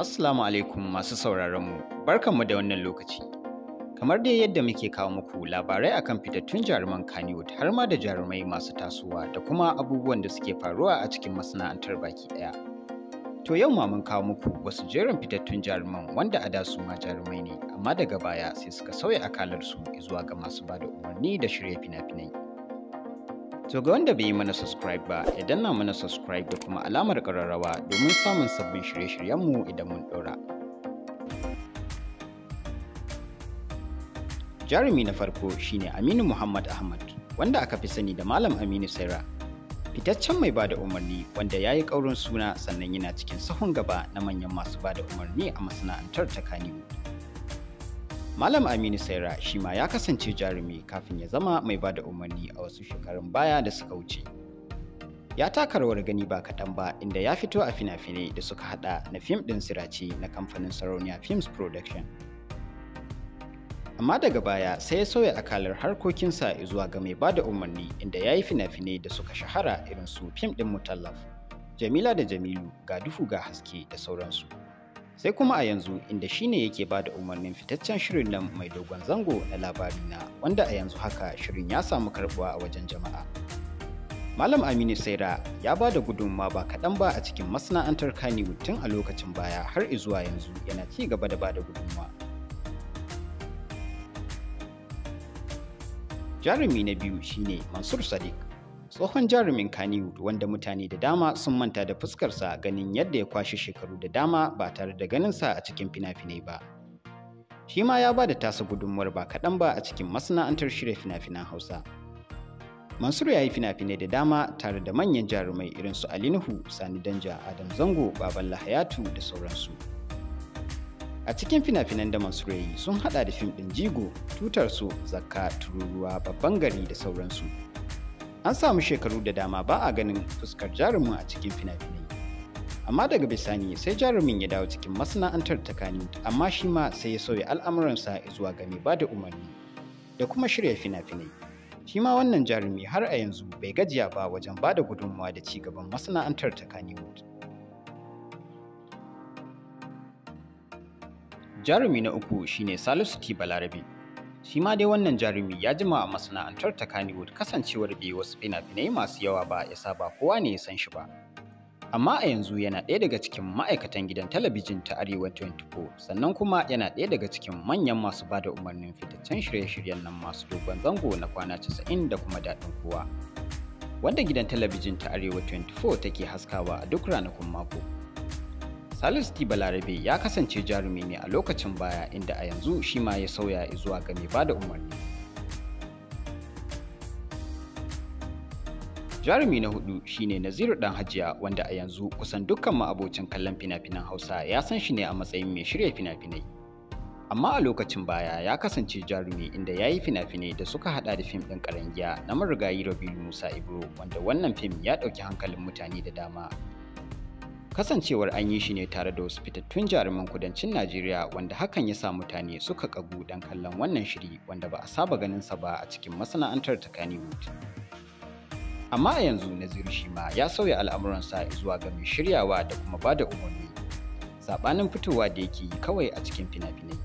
Assalamu alaikum masu sauraron mu. Barkanmu da wannan lokaci. Kamar dai yadda muke kawo muku labarai akan fitattun jaruman kaniwood har ma da jarumai masu tasowa da kuma abubuwan da suke faruwa a cikin masana'antar baki ɗaya, To yau ma mun kawo muku wasu jerin fitattun jaruman wanda a da su ma jarumai ne amma daga baya sai suka sauya akalarsu zuwa ga masu bada umarni da shirya fina-finai. To ga wanda bai yi mana subscribe ba, idan na mana subscribe da kuma alamar ƙararrawa domin samun sabbin shirye-shiryenmu idan mun ɗora. Jarumi na farko shine Aminu Muhammad Ahmad, wanda aka fi sani da Malam Aminu Saira. Fitaccen mai bada umarni wanda ya yi ƙaurin suna sannan yana cikin sahun gaba na manyan masu bada umarni a masana'antar ta Kaniwood. Malam Aminu Saira shi ma ya kasance jarumi kafin ya zama mai ba da umarni a wasu shekarun baya da suka wuce. Ya taka rawar gani ba kaɗan ba inda ya fito a fina-finai da suka haɗa na fim ɗin sirace na kamfanin Sarauniya Films Production. Amma daga baya sai ya sauya akalar harkokinsa zuwa ga mai ba da umarni inda ya yi fina-finai da suka shahara irin su fim ɗin Mutallaf, Jamila da Jamilu ga duhu ga haske da sauransu. sai kuma a yanzu inda shine yake ba da umarnin fitaccen shirin nan mai dogon zango na labari na wanda a yanzu haka shirin ya samu karbuwa a wajen jama'a malam aminu saira ya ba da gudunma ba kaɗan ba a cikin masana'antar kaniwu tun a lokacin baya har izuwa yanzu yana ci gaba da ba da gudunma jarumi na biyu shine mansur sadiq tsohon jarumin kaniyu wanda mutane da dama sun manta da fuskarsa ganin yadda ya kwashe shekaru da dama ba tare da ganinsa a cikin fina-finai ba. Shi ma ya ba da tasa gudunmuwar ba kaɗan ba a cikin masana'antar shirya fina-finan Hausa. Mansur ya yi fina-finai da dama tare da manyan jarumai irin su Ali Sani Danja, Adam Zango, Baban Lahayatu da sauransu. A cikin fina-finan da Mansur ya yi sun haɗa da fim ɗin Jigo, Tutarsu, Zakka, Tururuwa, Babban Gari da sauransu. an samu shekaru da dama ba a ganin fuskar jarumin a cikin fina-finai amma daga bisani sai jarumin ya dawo cikin masana'antar takani amma shi ma sai ya sauya al'amuransa zuwa game mai ba da umarni da kuma shirya fina-finai shi ma wannan jarumi har a yanzu bai gajiya ba wajen ba da gudunmawa da ci gaban masana'antar takani jarumi na uku shine salisu t balarabe shi ma dai wannan jarumi ya jima a masana'antar ta Kannywood kasancewar bai wasu fina-finai masu yawa ba ya saba kowa ne ya san shi ba. Amma a yanzu yana ɗaya daga cikin ma'aikatan gidan talabijin ta Arewa 24 sannan kuma yana ɗaya daga cikin manyan masu ba da umarnin fitaccen shirye-shiryen nan masu dogon zango na kwana 90 da kuma daɗin kowa. Wanda gidan talabijin ta Arewa 24 take haskawa a duk ranakun mako. Salisu T. Balarabe ya kasance jarumi ne a lokacin baya inda a yanzu shi ma ya sauya zuwa ga mai bada umarni. Jarumi na hudu shine Naziru Dan Hajiya wanda a yanzu kusan dukkan ma'abocin kallon fina-finan Hausa ya san shi ne a matsayin mai shirya fina-finai. Amma a lokacin baya ya kasance jarumi inda ya yi fina-finai da suka hada da fim ɗin karangiya na marigayi Rabilu Musa Ibro wanda wannan fim ya ɗauki hankalin mutane da dama kasancewar an yi shi ne tare da wasu fitattun jaruman kudancin najeriya wanda hakan ya sa mutane suka kagu dan kallon wannan shiri wanda ba a saba ganin sa ba a cikin masana'antar ta kannywood amma a yanzu naziru shi ma ya sauya al'amuransa zuwa ga mai shiryawa da kuma ba da umarni saɓanin fitowa da yake yi kawai a cikin fina-finai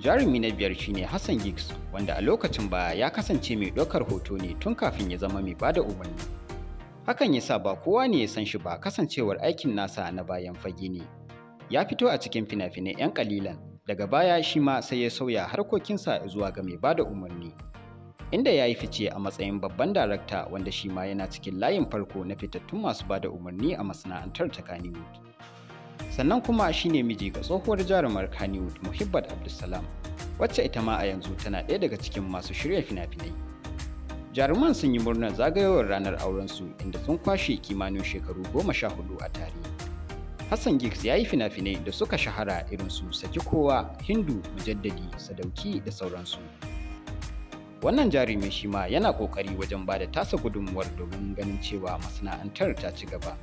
jarumi na biyar shine hassan giggs wanda a lokacin baya ya kasance mai ɗaukar hoto ne tun kafin ya zama mai bada da umarni Hakan ya sa ba kowa ne ya san shi ba kasancewar aikin nasa na bayan fage ne. Ya fito a cikin fina-finai 'yan kalilan, daga baya shi ma sai ya sauya harkokinsa zuwa ga mai bada umarni. Inda ya yi fice a matsayin babban darakta wanda shi ma yana cikin layin farko na fitattun masu bada umarni a masana'antar ta Kaniwood. Sannan kuma shine miji ga tsohuwar jarumar Kaniwood Muhibbat Abdulsalam, wacce ita ma a yanzu tana ɗaya daga cikin masu shirya fina-finai. jaruman sun yi murnar zagayowar ranar aurensu inda sun kwashe kimanin shekaru goma sha hudu a tare hassan giggs ya yi fina-finai da suka shahara irin su saki kowa hindu mujaddadi sadauki da sauransu wannan jarumin shi ma yana kokari wajen ba da tasa gudunmuwar domin ganin cewa masana'antar ta ci gaba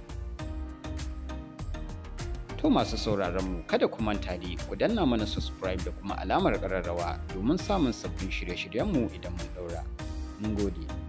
To masu sauraron mu kada ku manta ne ku danna mana subscribe da kuma alamar ƙararrawa domin samun sabbin shirye-shiryenmu idan mun daura. mun gode